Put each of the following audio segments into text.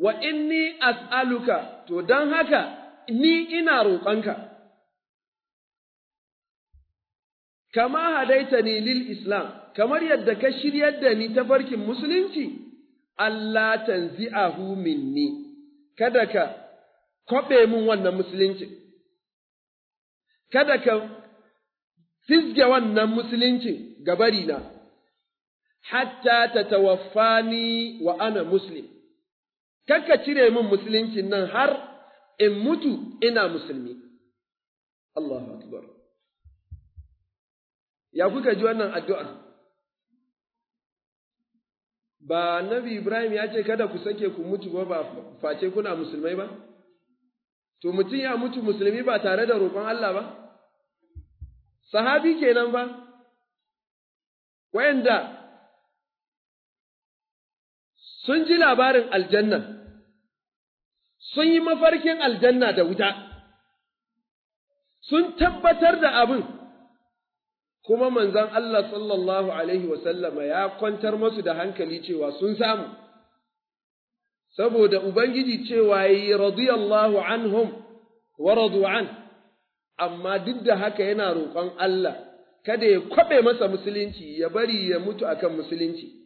wa inni as'aluka, to don haka ni ina roƙonka, kama hadaita ni lil Islam, kamar yadda ka shiryar da ni ta farkin musulunci, Allah tanzi'ahu minni, kada ka kwaɓe min wannan musulunci, kada ka fizge wannan musulunci gabarina, hatta ta tawaffani wa ana muslim. kakka cire min musulunci nan har in mutu ina musulmi. Allahu Akbar. Ya kuka ji wannan addu'a? Ba Nabi Ibrahim ya ce kada ku sake ku mutu ba ba face kuna musulmai ba? To mutum ya mutu musulmi ba tare da roƙon Allah ba? Sahabi kenan ba? Wayanda sun ji labarin aljanna sun yi mafarkin aljanna da wuta, sun tabbatar da abin, kuma manzan Allah sallallahu Alaihi wasallama ya kwantar masu da hankali cewa sun samu, saboda Ubangiji cewa yi radiyallahu anhum wa an, amma duk da haka yana roƙon Allah, kada ya kwaɓe masa musulunci, ya bari ya mutu akan musulunci.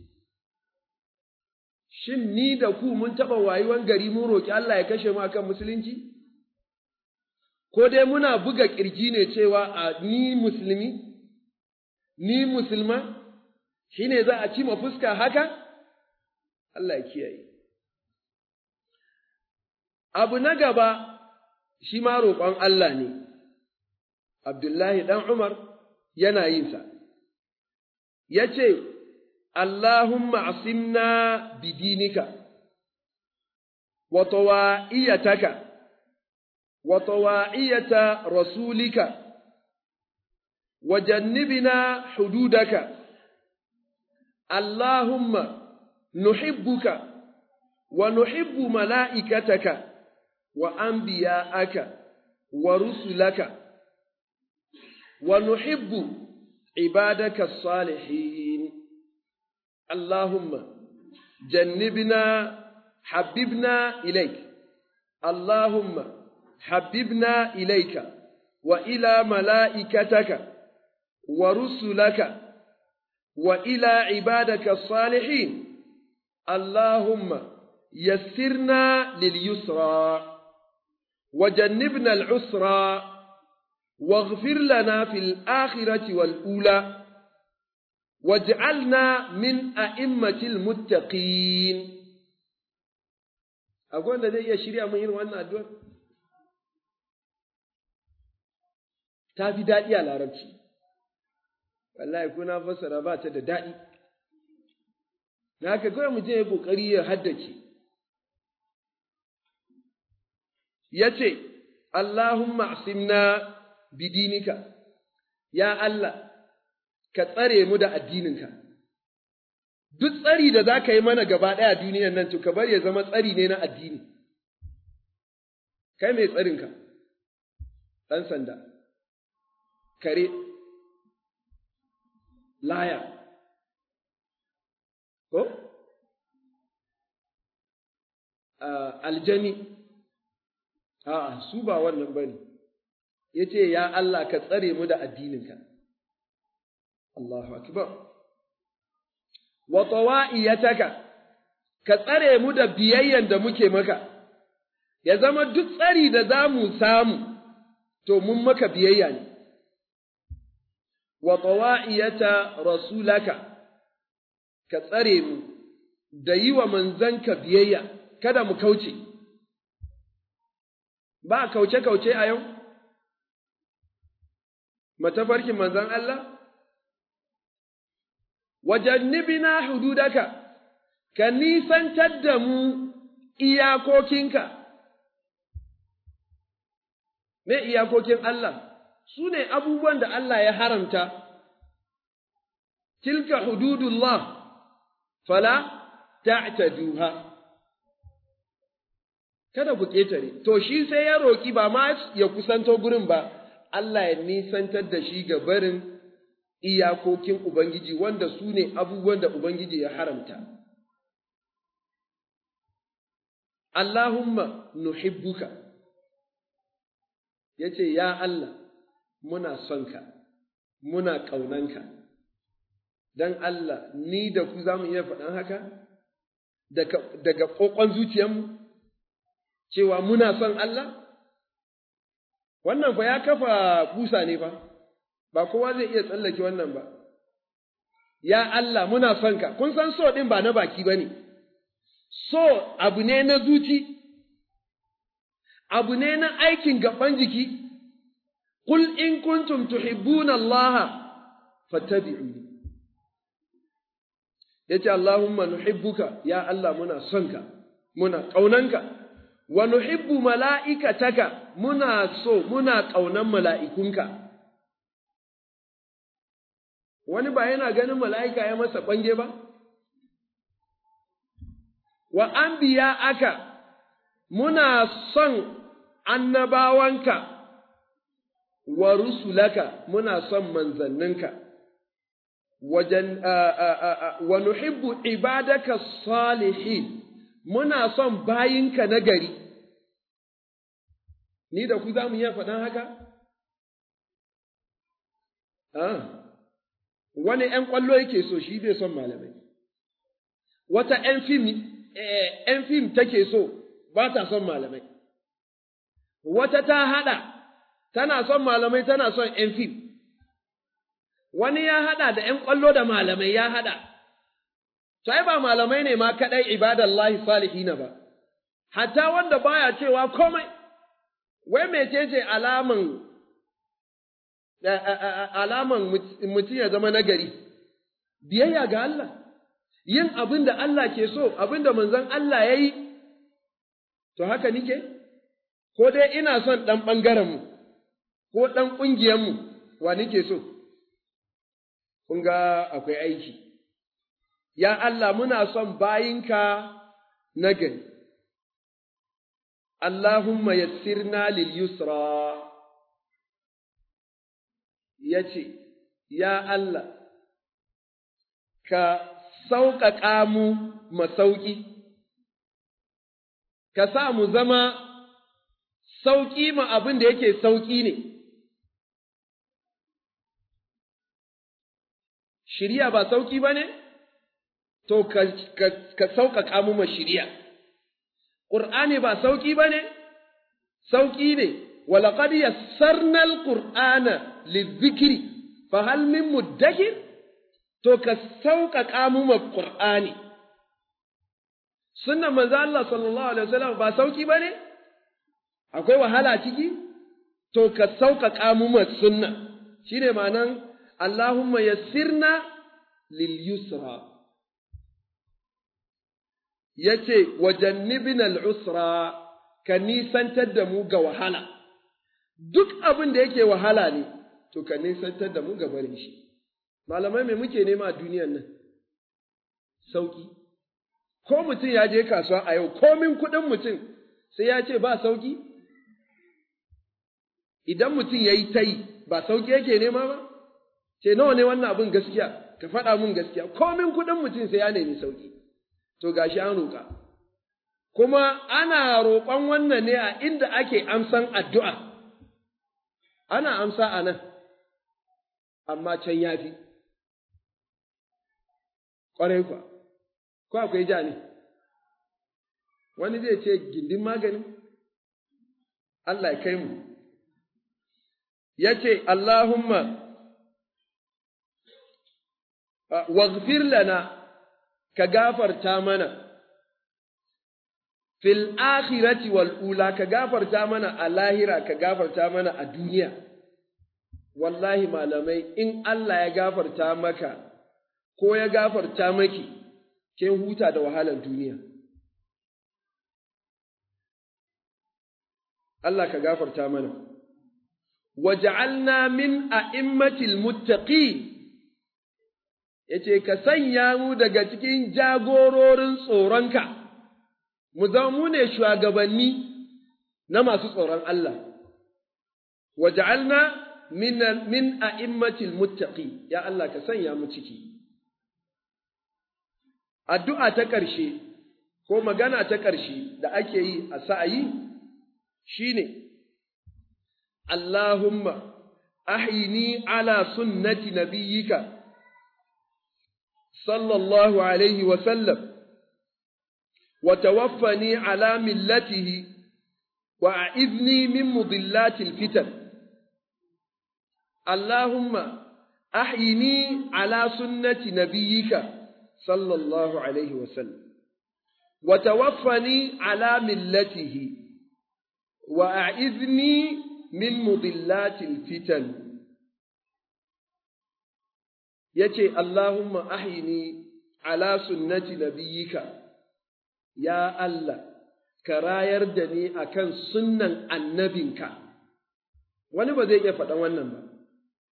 shin ni da ku mun taɓa wayuwan gari mun roƙi Allah ya kashe mu akan musulunci? Ko dai muna buga ƙirji ne cewa a ni musulmi, ni musulma, shi ne za a ci ma fuska haka? Allah ya kiyaye. Abu na gaba shi ma roƙon Allah ne, Abdullahi ɗan Umar yana yinsa, ya ce, اللهم اعصمنا بدينك وطوائيتك وطوائية رسولك وجنبنا حدودك اللهم نحبك ونحب ملائكتك وأنبياءك ورسلك ونحب عبادك الصالحين اللهم جنبنا حببنا إليك اللهم حببنا إليك وإلى ملائكتك ورسلك وإلى عبادك الصالحين اللهم يسرنا لليسرى وجنبنا العسرى واغفر لنا في الآخرة والأولى waj'alna min a'immatil muttaqin akwai wanda zai iya shirya mun irin wannan addu'ar ta fi daɗi a larabci wallahi kuna fassara ba ta da daɗi na haka kawai mu je ƙoƙari ya haddace ya ce Allahumma asimna bidinika ya Allah ka tsare mu da addininka. Duk tsari da za ka yi mana gaba ɗaya duniyan nan to ka bari ya zama tsari ne na addini. Kai mai tsarinka, ɗan sanda, kare, laya, ko? aljani, a'a, su ba wannan ba ne, ya ce, Ya Allah, ka tsare mu da addininka. Allahu akbar. Wa ka tsare mu da biyayyan da muke maka, ya zama duk tsari da za mu samu, to mun maka biyayya ne. Wa tawa'iyata rasulaka ka tsare mu da yi wa manzanka biyayya, kada mu kauce. Ba kauce-kauce a yau? Matafarkin manzan Allah? wajannibina hududaka, ka nisantar da mu iyakokinka, me iyakokin Allah, su ne abubuwan da Allah ya haramta, tilka hududullah, fala ta'taduha. Kada ku ƙetare, to shi sai ya roƙi ba ma ya kusanto gurin ba, Allah ya nisantar da shi ga barin iyakokin Ubangiji wanda su ne abubuwan da Ubangiji ya haramta. Allahumma nuhibbuka ya ce, Ya Allah, muna sonka, muna ƙaunanka, don Allah, ni da ku za mu iya faɗan haka? Daga ƙoƙon zuciyarmu, cewa muna son Allah? Wannan fa ya kafa busa ne ba ba kowa zai iya tsallake wannan ba. Ya Allah muna son ka, kun san so ɗin ba na baki ba ne, so abu ne na zuci, abu ne na aikin gaban jiki, Kul in kuntum tuhibbuna Allah fattabi'uni. Ya ce Allahumma nuhibbuka, ya Allah muna sonka, muna ƙaunanka. wa nuhibbu mala'ikataka muna so muna ƙaunan mala'ikunka wani ba yana ganin mala'ika ya masa ƙwange ba? Wa an biya aka, muna son annabawanka wa rusulaka muna son manzanninka, wa nuhibbu ibadaka salihin muna son bayinka na gari. Ni da ku za mu iya faɗan haka? Ah. wani ‘yan ƙwallo yake so shi bai son malamai, wata eh, ‘yan fim take so ba ta son malamai, wata ta haɗa tana son malamai tana son ‘yan fim, wani ya haɗa da ‘yan ƙwallo da malamai ya haɗa, sai ba malamai ne ma kaɗai ibadallahi salihina ba, hatta wanda baya cewa komai, wai ce alaman alaman mutum ya zama nagari, biyayya ga Allah, yin abin da Allah ke so, abin da manzon Allah ya yi, to haka nike, ko dai ina son ɗan ɓangarenmu, ko ɗan ƙungiyarmu, wa nike so, kun ga akwai aiki. Ya Allah muna son bayinka nagari, Allahumma yassirna lil yusra. ya ce, Ya Allah, ka sauƙaƙa mu masauƙi, ka sa mu zama sauƙi ma abin da yake sauƙi ne. Shirya ba sauƙi ba ne? To, ka sauƙaƙa mu ma shirya. Ƙur'ani ba sauƙi ba ne? Sauƙi ne. ولقد يسرنا القرآن للذكر فهل من مدكر to ka sauƙaƙa mu ma Qur'ani sunnan manzo sallallahu alaihi wasallam ba sauki bane akwai wahala ciki to ka sauƙaƙa mu sunna shine ma'anan Allahumma yassirna lil yusra yace wajannibna al usra ka nisantar da mu ga wahala duk abin da yake wahala ne, to ka nisantar da mu gabarin shi. Malamai mai muke nema a duniyan nan? Sauki. Ko mutum ya je kasuwa a yau, komin kuɗin mutum sai ya ce ba sauki? Idan mutum ya yi ta yi, ba sauki yake nema ba? Ce nawa ne wannan abin gaskiya, ka faɗa mun gaskiya, komin kuɗin mutum sai ya nemi sauki. To gashi an roƙa. Kuma ana roƙon wannan ne a inda ake amsan addu'a. ana amsa a nan, amma can ya fi, ƙwarai kuwa, ko akwai ja ne, wani zai ce gindin maganin, Allah ya kai mu, ya ce, Allahumma, waghfir lana ka gafarta mana. fil akhirati wal ula ka gafarta mana a lahira ka gafarta mana a duniya wallahi malamai in Allah ya gafarta maka ko ya gafarta maki ke huta da wahalar duniya Allah ka gafarta mana waj'alna min a'immatil muttaqin yace ka sanya mu daga cikin jagororin tsoronka mu zama mu ne shugabanni na masu tsoron Allah. Waja'alna min a'immatil muttaqi ya Allah ka sanya mu ciki. Addu'a ta ƙarshe ko magana ta ƙarshe da ake yi a sa'ayi shi ne, Allahumma, ahini ala sunnati nabiyyika sallallahu alaihi wasallam. وتوفني على ملته وأعذني من مضلات الفتن اللهم أحيني على سنة نبيك صلى الله عليه وسلم وتوفني على ملته وأعذني من مضلات الفتن يتي اللهم أحيني على سنة نبيك ya Allah, ka rayar da ni a kan sunnan annabinka, wani ba zai iya faɗan wannan ba,